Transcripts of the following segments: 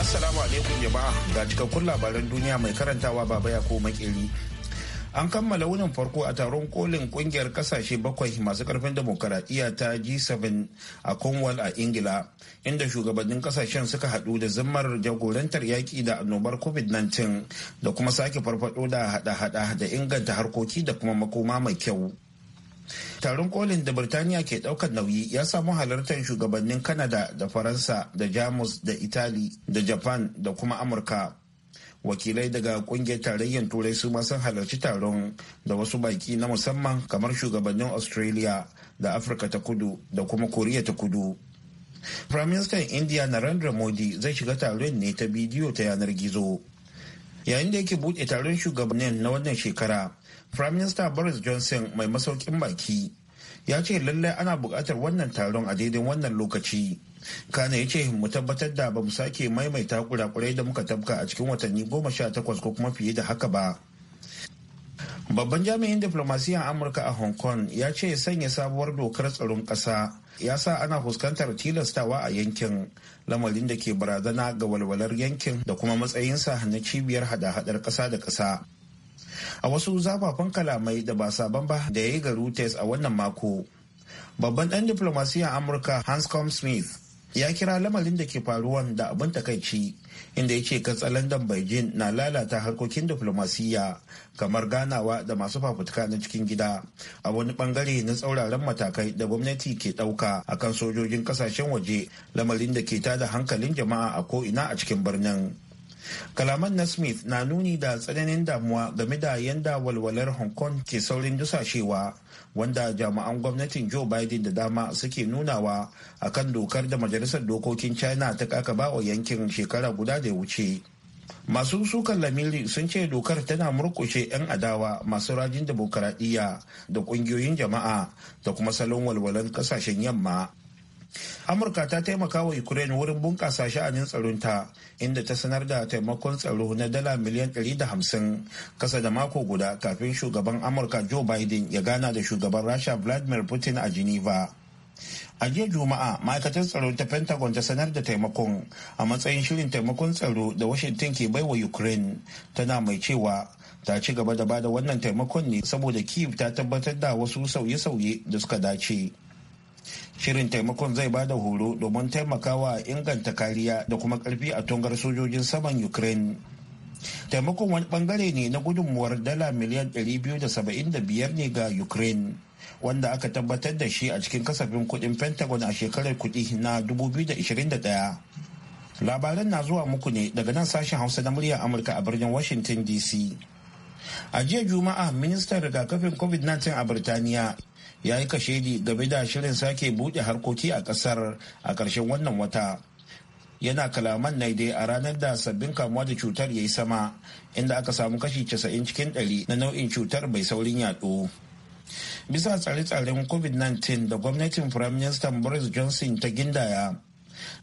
Assalamu alaikum jama'a ga cikakkun labaran duniya mai karantawa baba ya ko makeri. An kammala wunin farko a taron kolin kungiyar kasashe bakwai masu karfin demokaradiyya ta G7 a Cornwall a Ingila, inda shugabannin kasashen suka haɗu da zimmar jagorantar yaƙi da annobar COVID-19 da kuma sake farfado da hada-hada da inganta harkoki da kuma makoma mai kyau. taron kolin da birtaniya ke daukar nauyi ya samu halartar shugabannin kanada da faransa da jamus da itali da japan da kuma amurka wakilai daga kungiyar tarayyar turai su ma sun halarci taron da wasu baki na musamman kamar shugabannin australia da afirka ta kudu da kuma koriya ta kudu prime minister india narendra modi zai shiga taron ne ta bidiyo ta yanar gizo yayin da yake buɗe taron shugabannin na wannan shekara prime minister boris johnson mai masaukin baki ya ce lallai ana buƙatar wannan taron a daidai wannan lokaci kana ya ce mu tabbatar da ba mu sake maimaita kurakurai da muka tabka a cikin watanni goma sha takwas ko kuma fiye da haka ba babban jami'in a amurka a hong kong ya ce sanya sabuwar dokar tsaron ƙasa ya sa ana fuskantar tilastawa a yankin lamarin da ke barazana ga walwalar yankin da kuma matsayinsa na cibiyar hada-hadar ƙasa da ƙasa a wasu zafafan kalamai da ba sabon ba da ya yi ga Reuters a wannan mako. Babban ɗan diplomasiyyar Amurka Hanscom Smith ya kira lamarin da ke faruwan da abin takaici inda ya ce katsalandan Beijing na lalata harkokin diflomasiyya kamar ganawa da masu fafutuka na cikin gida a wani bangare na tsauraran matakai da gwamnati ke ɗauka kan sojojin kasashen waje lamarin da ke tada hankalin jama'a a ko'ina a cikin birnin. kalaman na smith na nuni da tsananin damuwa game da yadda walwalar hong kong ke saurin dusashewa wanda jami'an gwamnatin joe biden da dama suke nunawa a kan dokar da majalisar dokokin china ta kakaba wa yankin shekara guda da ya wuce masu sukan lamiri sun ce dokar tana murkushe 'yan adawa masu rajin demokaradiyya da ƙungiyoyin jama'a da kuma salon walwalan ƙasashen yamma amurka ta taimaka wa ukraine wurin bunƙasa sha'anin tsaronta inda ta sanar da taimakon tsaro na dala miliyan 150 kasa da mako guda kafin shugaban amurka joe biden ya gana da shugaban rasha vladimir putin a geneva a jiya juma'a ma'aikatar tsaro ta pentagon ta sanar da taimakon a matsayin shirin taimakon tsaro da washington ke baiwa ukraine tana mai cewa ta ci gaba da bada wannan taimakon ne saboda kiev ta tabbatar da wasu sauye-sauye da suka dace shirin taimakon zai ba da horo domin taimakawa inganta kariya da kuma karfi a tongar sojojin saman ukraine taimakon wani bangare ne na gudunmuwar dala miliyan 275 ne ga ukraine wanda aka tabbatar da shi a cikin kasafin kudin pentagon a shekarar kudi na 2021 labaran na zuwa muku ne daga nan sashen hausa na muryar amurka a birnin washington dc a jiya juma'a ministan rigakafin covid-19 a birtaniya ya yi kashedi game da shirin sake buɗe harkoki a ƙasar a ƙarshen wannan wata yana kalaman na dai a ranar da sabbin kamuwa da cutar ya yi sama inda aka samu kashi 90 cikin 100 na nau'in cutar bai saurin yaɗo. bisa tsare-tsaren covid-19 da gwamnatin prime minister boris johnson ta gindaya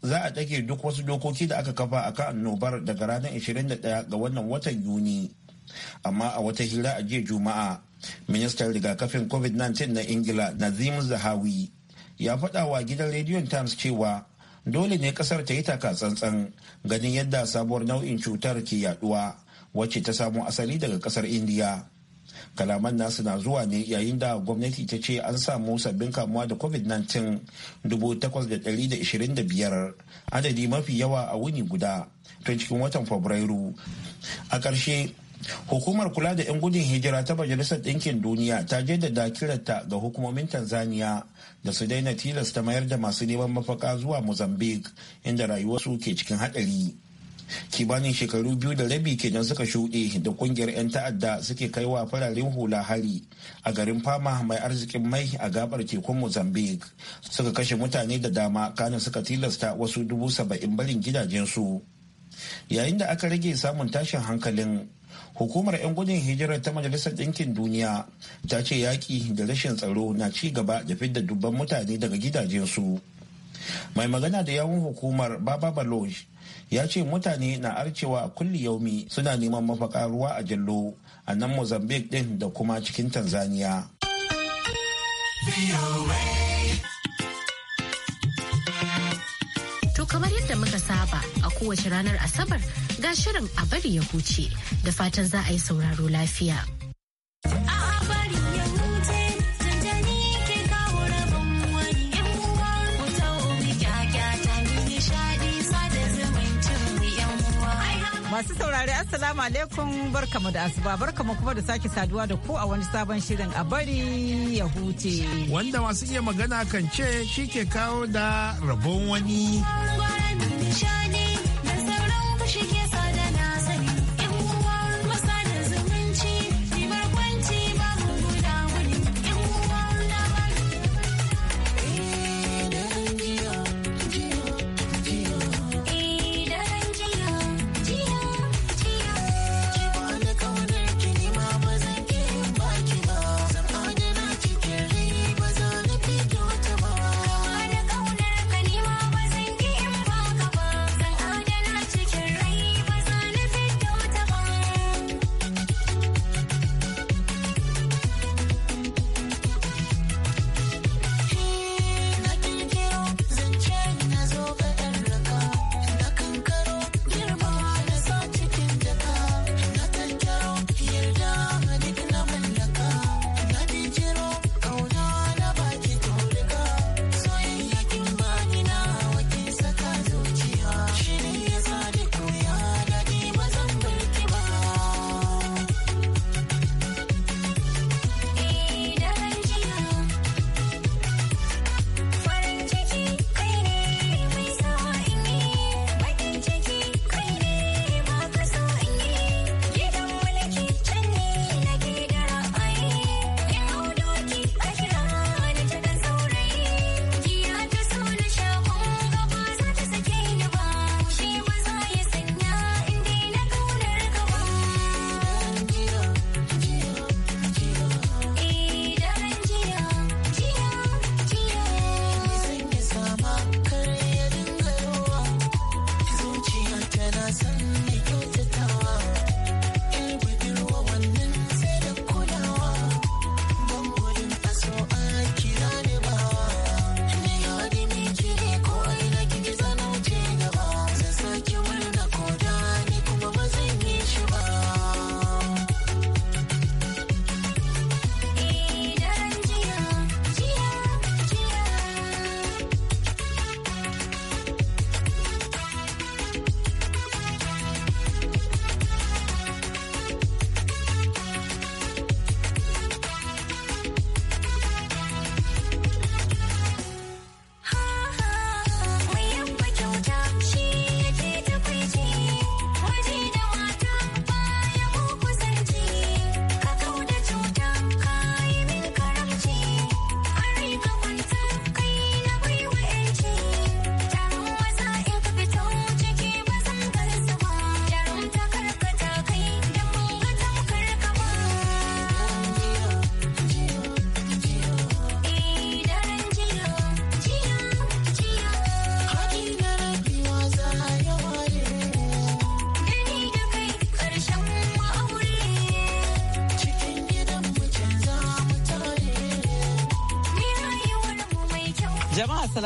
za a ɗage duk wasu dokoki da aka kafa a kan annobar daga ranar 21 ga wannan watan yuni amma a wata hira a jiya juma'a ministan rigakafin covid-19 na ingila nazim zahawi ya faɗa wa gidan rediyon times cewa dole ne kasar ta yi taka tsantsan ganin yadda sabuwar nau'in cutar ke yaduwa wacce ta samo asali daga kasar indiya kalaman nasu na zuwa ne yayin da gwamnati ta ce an samu sabbin kamuwa da covid-19 8,125 adadi mafi yawa a wuni guda tun cikin watan fabrairu a ƙarshe Hukumar kula da 'yan gudun hijira ta Majalisar Ɗinkin Duniya ta je jaddada kiranta ga hukumomin Tanzania da su daina tilasta mayar da masu neman mafaka zuwa Mozambique inda rayuwarsu ke cikin haɗari. kimanin shekaru biyu da rabi kenan suka shuɗe da ƙungiyar 'yan ta'adda suke kai wa fararen hula hari a garin fama mai arzikin mai a gabar tekun Mozambique suka kashe mutane da dama kanin suka tilasta wasu dubu saba'in barin gidajensu. Yayin da aka rage samun tashin hankalin hukumar 'yan gudun hijirar ta majalisar ɗinkin duniya ta ce yaƙi da rashin tsaro na ci gaba da fidda dubban mutane daga gidajensu mai magana da yawun hukumar baba Baloj ya ce mutane na arcewa a kulli yaumi suna neman mafaka ruwa a jallo a nan mozambique ɗin da kuma cikin tanzania To kamar yadda muka saba a kowace ranar Asabar ga shirin a bari ya huce da fatan za a yi sauraro lafiya. Masu saurari Assalamu alaikum barkamu da asuba barkamu kuma da sake saduwa da ko a wani sabon shirin a bari ya huce. Wanda masu iya magana kan ce shi ke kawo da rabon wani.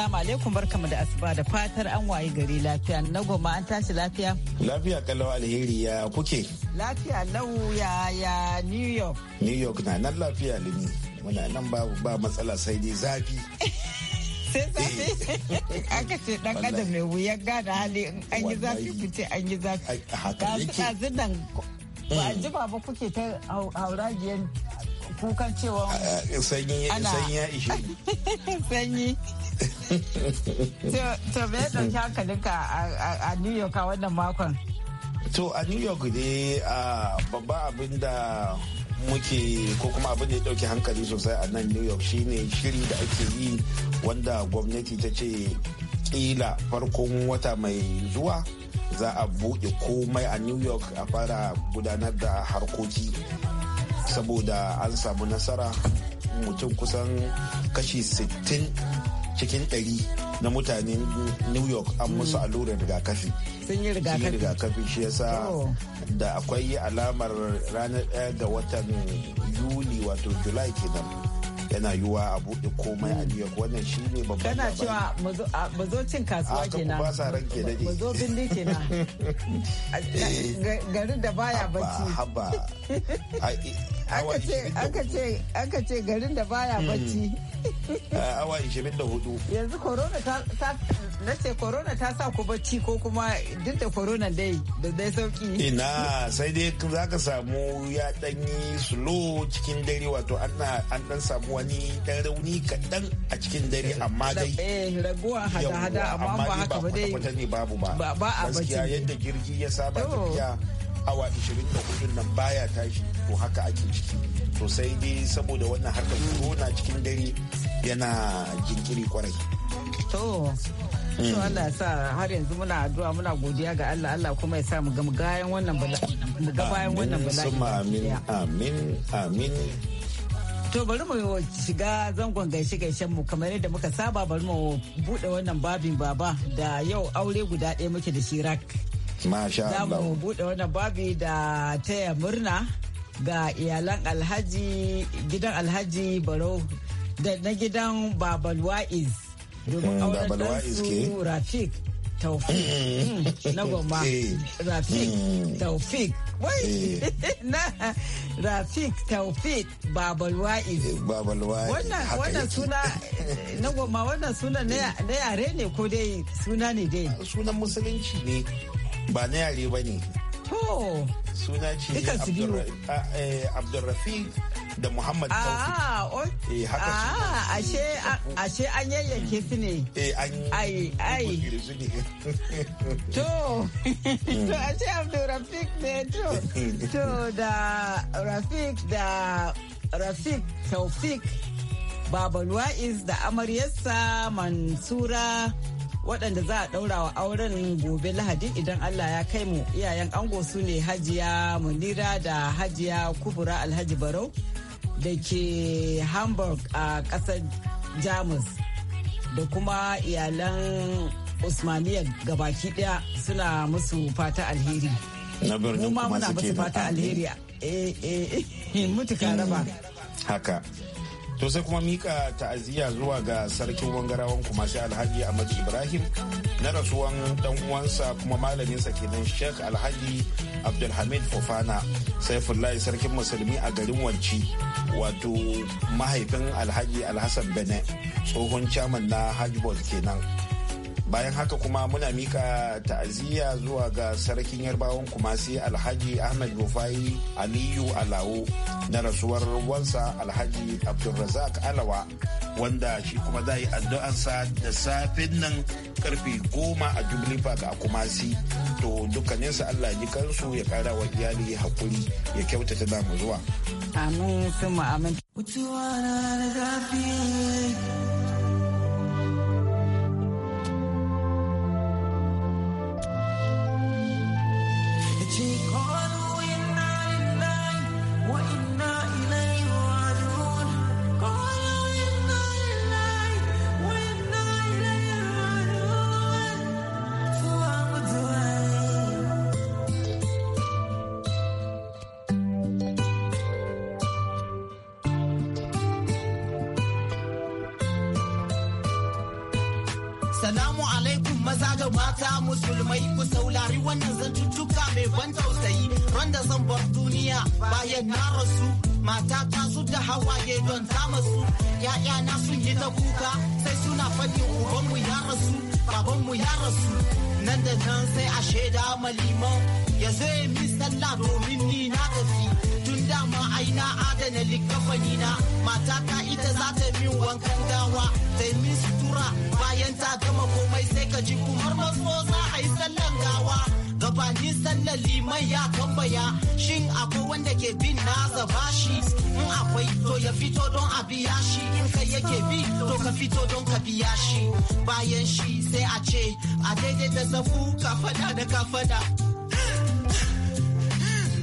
Assalamu alaikum barkamu da asuba da fatar an waye gari lafiya na goma an tashi lafiya. Lafiya kalau alheri ya kuke. Lafiya lau ya ya New York. New York na nan lafiya limi. Muna nan ba matsala sai dai zafi. sai zafi eh. aka ce dan adam ne wuyan gada hali an yi zafi ku ce an yi zafi ɗazu nan ba a hmm. jima ba kuke ta hauragiyar kukan cewa ah, ah, sanyi ya ishe sanyi To me ya hankalinka a New York a wannan makon? To a New York ne a babba abin da muke ko kuma abin da ya ɗauki hankali sosai a nan New York shine shiri da ake yi wanda gwamnati ta ce kila farkon wata mai zuwa za a buɗe komai a New York a fara gudanar da harkoki saboda an samu nasara mutum kusan kashi 60 cikin ɗari na mutanen new york an musu mm. allurar rigakafi sun yi rigakafi shi yasa oh. da akwai alamar ranar 1 ga watan yuli wato july kenan yana yiwuwa a buɗe komai a New wannan shi ne babban kana cewa ba zo cin kasuwa nan ba sa ran kenan ba zo ke nan eh. garin da baya bacci haba aka ce garin da baya hmm. bacci eh, awa 24 yanzu corona ta na ce corona ta sa ku bacci ko kuma duk da corona dai da dai sauki ina sai dai za ka samu ya danyi slow cikin dare wato an dan samu wani ɗan rauni kaɗan a cikin dare amma dai eh, raguwa amma ba haka ba dai babu ba gaskiya yadda jirgi ya saba oh. tafiya awa 24 nan baya tashi to haka ake ciki to sai dai saboda wannan harkar corona cikin dare yana jinkiri kwarai to to hmm. Allah sa har yanzu muna addu'a muna godiya ga Allah Allah kuma ya sa mu ga bayan wannan bala'i mu ga bayan wannan bala'i amin amin amin To bari mu shiga zangon gaishe gaishen mu kamar yadda muka saba bari mu bude wannan babin baba da yau aure guda ɗaya muke da shi rak. Masha Allah. Za mu bude wannan babi da taya murna ga iyalan alhaji gidan alhaji baro da na gidan babal wa'iz. Domin hmm, Rafik. taufik na goma eh. rafik hmm. taufik eh. babalwa'i eh, wannan suna na goma wannan suna na yare ne ko dai suna ne dai sunan musulunci ne ba na yare ba ne suna ce abdulrafiq da Muhammad ah, Taufik. Ah, okay. Eh, haka ah, ashe ashe an yayyanke su ne. Eh, an ai ai. To, to ashe Abdul Rafiq ne to. To da Rafiq da Rafiq Taufik Baba is da amaryarsa Mansura waɗanda za a ɗaura wa auren gobe lahadi idan Allah ya kai mu iyayen ango su ne hajiya munira da hajiya kubura alhaji barau da ke hamburg a ƙasar jamus da kuma iyalan usmaniya gabaki ɗaya suna musu fata alheri na muna musu fata alheri eh, eh, mutu raba haka to sai kuma mika ta'aziyya zuwa ga sarkin wangarawan kumashi alhaji ahmad ibrahim na rasuwan dan uwansa kuma malaminsa kenan sheikh alhaji abdulhamid fofana saifullahi sarkin musulmi a garin wanci wato mahaifin alhaji alhassan bene tsohon chairman na hajjbot kenan bayan haka kuma muna mika ta'aziyya zuwa ga sarkin yarbawan kumasi alhaji ahmed rufai aliyu alawo na rasuwar wansa alhaji abdulrazak alawa wanda shi kuma za yi addu'ansa da safin nan karfe goma a jubilee park a kumasi to su allah ji kansu ya kara wa iyali hakuri ya kyautata damu zuwa amin sun mata musulmai ku saulari wannan zantuttuka mai ban tausayi randa zan bar duniya bayan na rasu mata ta su da hawaye don ta masu ya'ya na sun yi ta kuka sai suna fadin ubanmu ya rasu babanmu ya rasu nan da nan sai a shaida maliman ya zo ya sallah domin ni na tafi tun dama aina da na likafani na mata ka ita za ta min wankan gawa ta yi min sutura bayan ta gama komai sai ka ji kumar maso za a yi sallan gawa gabanin sallan liman ya tambaya shin akwai wanda ke bin na zaba shi in akwai to ya fito don a biya shi in kai yake bi to ka fito don ka biya shi bayan shi sai a ce a daidai da zafu ka fada da ka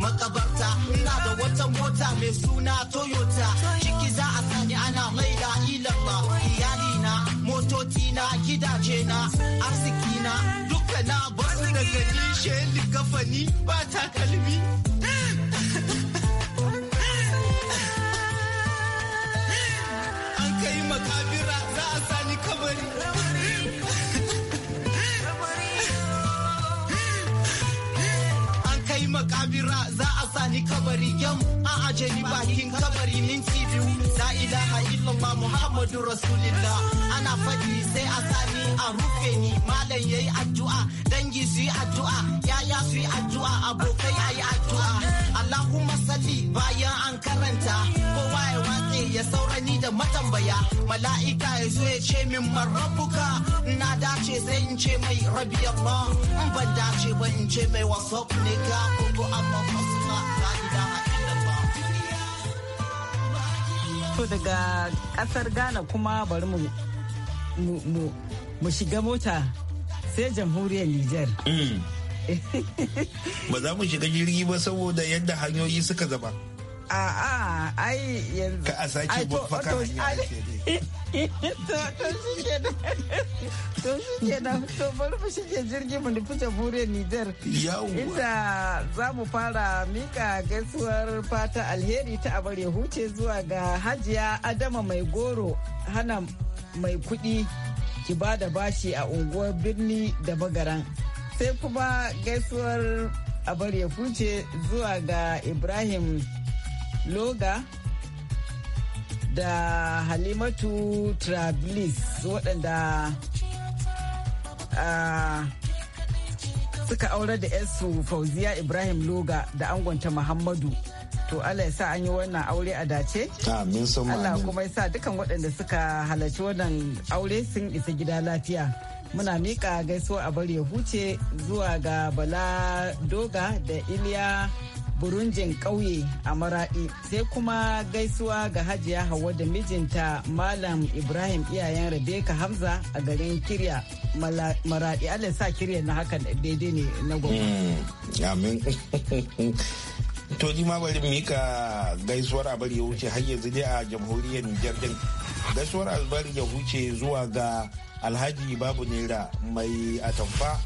makabarta ina da wata mota mai suna toyota ciki za a sani ana maida ilan ba iyalina na gidajena na duka na basu daga nishe kafani ba takalmi ni kabari yam a aje ni bakin kabari minti biyu la ilaha illallah muhammadu rasulillah ana faɗi sai a sani a rufe ni malam yayi addu'a dangi su yi addu'a yaya su yi addu'a abokai ayi addu'a allahumma salli bayan an karanta kowa ya watse ya saura matambaya mala'ika ya zo ya ce min marabuka na dace sai in ce mai rabi yamma in ban dace ba in ce mai wasop ne ga kuku amma fasuna la ilaha To daga kasar Ghana kuma bari mu shiga mota sai jamhuriyar Nijar. Mm. Ba za mu shiga jirgi ba saboda yadda hanyoyi suka zaba A'a, ai yanzu. Ka a sake buffa kan hanya ce dai. To shi ke nan. To shi ke nan. To bari mu shige jirgin mu nufi jamhuriyar Nijar. Yawwa. Inda za mu fara mika gaisuwar fata alheri ta abar huce zuwa ga Hajiya Adama Mai Goro hana mai kuɗi ki ba da bashi a unguwar birni da bagaran. Sai kuma gaisuwar abar huce zuwa ga Ibrahim loga da halimatu trablis waɗanda ah, suka aure da su fauziya ibrahim loga da angonta muhammadu to allah ya sa an yi wannan aure a dace allah kuma ya sa dukan waɗanda suka halarci wannan aure sun isa gida lafiya muna miƙa gaisuwa a bari ya huce zuwa ga bala doga da iliya burunjin ƙauye a maraɗi sai kuma gaisuwa ga hajiya hawa da mijinta malam ibrahim iyayen rebeka hamza a garin kirya maraɗi allah sa kirya na hakan daidai ne na gwamnati hmm, to ni ma bari mika gaisuwar abari ya wuce har yanzu dai a jamhuriyar nijar din gaisuwar albari ya wuce zuwa ga alhaji babu naira mai atamfa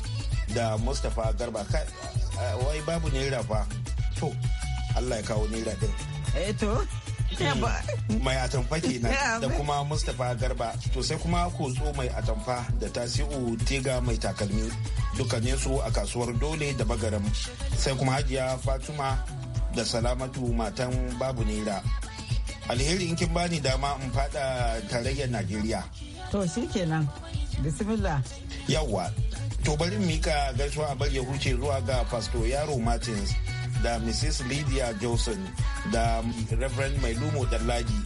da mustapha garba wai babu naira fa to Allah ya kawo nira din eh mai atamfa kenan da kuma mustapha garba to sai kuma kotso mai atamfa da tasi'u tega mai takalmi dukkaninsu a kasuwar dole da bagaram sai kuma hajiya fatima da salamatu matan babu naira alheri in kin bani dama in fada tarayyar najeriya to shi kenan bismillah yawwa to bari mika gaisuwa a bar ya huce zuwa ga pastor yaro martins da mrs lydia johnson da reverend mailumo dallaji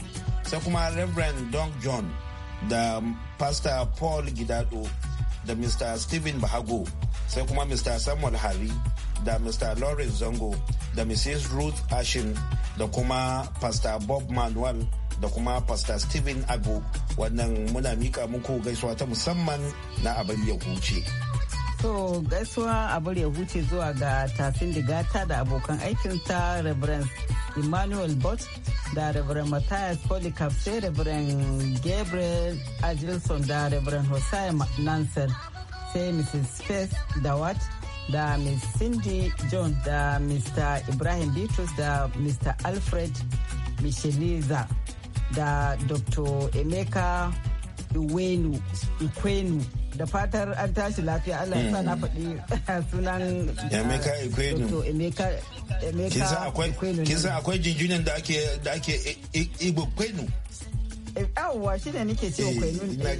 sai kuma reverend don john da pastor paul gidado da mr stephen bahago sai kuma mr samuel hari da mr lawrence zango da mrs ruth ashin da kuma pastor bob manuel da kuma pastor stephen ago wannan muna mika muku gaisuwa ta musamman na abin ya huce. To gaisuwa bari ya huce zuwa ga tafin digata da abokan aikinsa Reverend Emmanuel Bot da Reverend Matthias Polycarp sai Reverend Gabriel Agilson da Reverend Hosea Nansen sai Mrs. Faith Dawat da Miss Cindy John da Mr. Ibrahim Bitrus da Mr. Alfred Micheliza da Dr. Emeka Ikwenu da fatar an tashi lafiya Allah ya sa na faɗi sunan Emeka Ikwenu Emeka Ikwenu kin san akwai jinjunan da ake da ake Igbo Kwenu eh, yawwa shi ne nike ce ekwenu. Eh,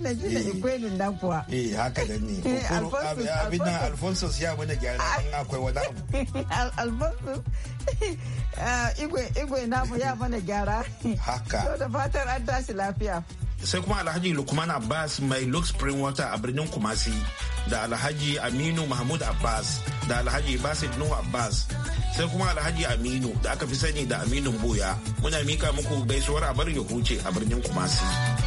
ne eh. nan kuwa eh haka da ne abin nan Alfonso ya mana gyara an akwai wani abu alfonsus igwe igwe namu ya mana gyara haka da fatar an tashi lafiya sai kuma alhaji lukman abbas mai lux water a birnin kumasi da alhaji aminu mahmud abbas da alhaji basit nuhu abbas sai kuma alhaji aminu da aka fi sani da aminu boya muna mika muku gaisuwar a bar ya huce a birnin kumasi.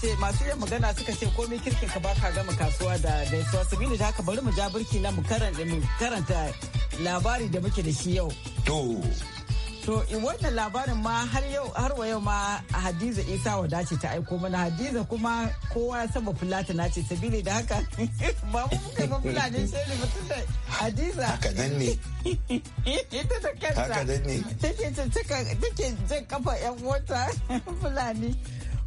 ce masu yin magana suka ce komai kirkin ka baka gama kasuwa da gaisuwa sabili da haka bari mu ja birki na mu karanta labari da muke da shi yau. To. To in eh, wannan labarin ma har yau har wa yau ma Hadiza Isa wadace ta aiko mana Hadiza kuma kowa ya saba fulata na ce sabili da haka ba mu muka ba fulani sai ne mutum da Hadiza. Haka nan ne. Ita da kanta. Haka nan ne. Take take jan kafa yan wata fulani.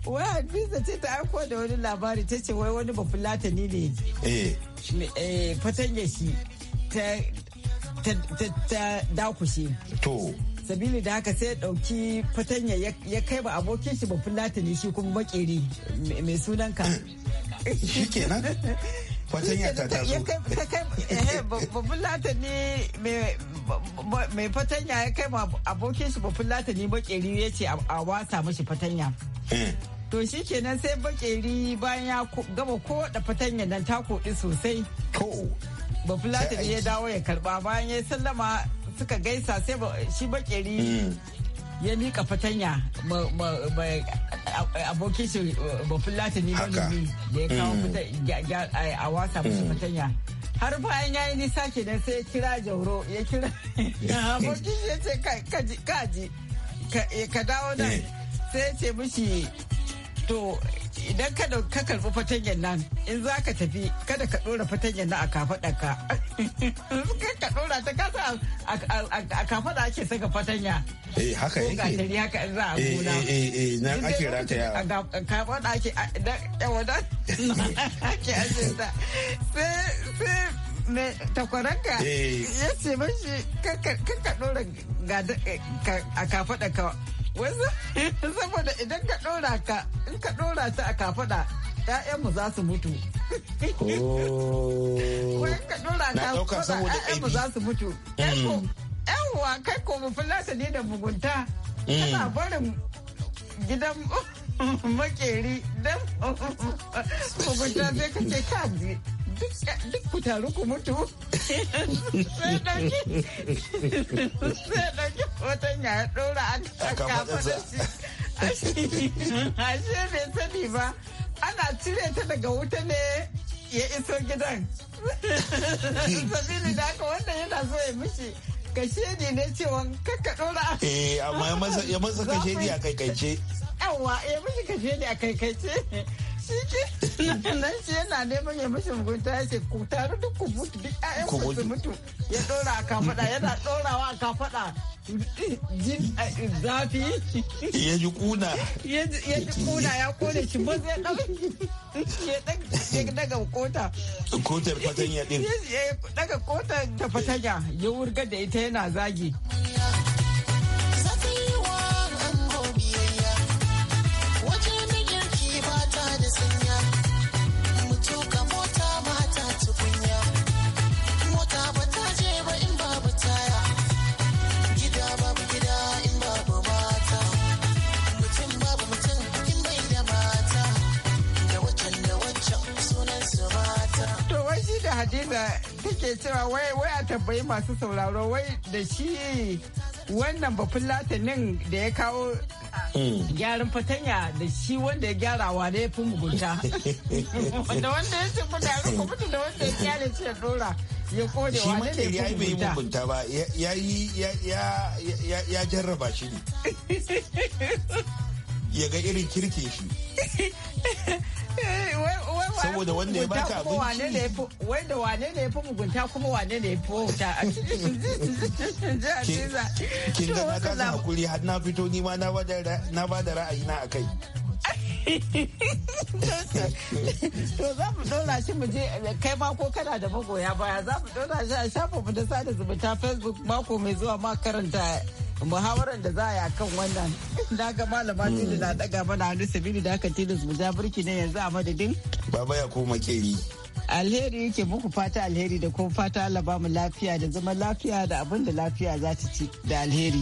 wai Hadiza ce ta aiko da wani labari ta ce wai wani bafulatani ne eh. eh, fatan yashi ta dakushe to sabili da haka sai ya dauki eh, fatanya ya kai ba abokin shi latani shi kuma makeri mai sunan ka shi kenan fatanya ta tazo taso bafulatani mai mai fatanya ya kai abokin shi babban latani makeri ya ce a wasa mashi fatanya Eh. to shi kenan sai bakeri bayan ya gaba ko da fatanya nan ta koɗi sosai ba fulata ne ya dawo ya karba bayan ya sallama suka gaisa sai shi bakeri mm. ya mika fatanya abokin shi ba fulata ne manomi da ya kawo mm. a wasa musu mm. fatanya har bayan ya yi nisa kenan sai ya kira jauro ya kira abokin shi ya ce kaji eh, ka dawo nan eh. sai ce mishi to idan ka ka karbi fatanyar nan in za ka tafi kada ka ɗora fatanyar nan a kafaɗarka ka ɗora ta kasa a kafaɗa ake saka fatanya eh haka yake ko gatari haka in za a eh, gona eh eh, eh nan ake rataya a kafaɗa ake da da ake ajinta sai sai me takwaranka eh. ya ce mashi ka ɗora a kafaɗarka wasu saboda idan ka ɗora ka in ka ɗora ta a kafaɗa ‘ya'yanmu za su mutu. Oh. ka ɗora ka faɗa ‘ya'yanmu za su mutu. Mm. Yawwa kai ko mu fulata ne da mugunta. Mm. Kana barin gidan makeri don mugunta zai kace kaji. duk ku taru ku mutu sai ɗauki hoton ya ɗora a kafadarsa ashe bai sani ba ana cire ta daga wuta ne ya iso gidan sabili da haka wanda yana so ya mishi kashedi ne cewa kakka ɗora eh amma ya masa kashedi a kaikaice yawa ya mishi kashedi a kaikaice shi ke nan shi yana neman ya mashi mugunta ya ce ku taru duk ku mutu duk ƴaƴan ku su mutu ya ɗora a kafaɗa yana a kafaɗa jin eh, zafi ya ji kuna ya ji kuna ya kone shi ba zai ɗauki ya daga kota kotar fatanya ɗin ya daga kotar da fatanya ya wurga da ita yana zagi hadiza take cewa wai wai a tambayi masu sauraro wai da shi wannan bafin latinin da ya kawo hmm. gyaran fatanya da shi wanda ya gyara wa ne fi mugunta wanda wanda ya ce kuda ko mutu da wanda ya gyara ce ya dora ya kode wa ne da ya yi mugunta ba ya yi ya jarraba shi ne ya ga irin kirke shi Eh, saboda wanda ya baka abinci wai da wane ne fi mugunta kuma wane ne fi wuta a cikin kin ga na kasa hakuri har na fito ni ma na ba da ra'ayi na akai to za mu dola shi mu je kai ma ko kana da magoya baya za mu dola shi a shafinmu da sada zumunta facebook mako mai zuwa ma karanta muhawarar da za a yi kan wannan na ga malama hmm. tilu na daga mana hannu sabili da aka tilas mu birki ne yanzu a madadin baba ya koma keri alheri yake muku fata alheri da kuma fata Allah ba mu lafiya da zama lafiya da abin da lafiya za ta ci da alheri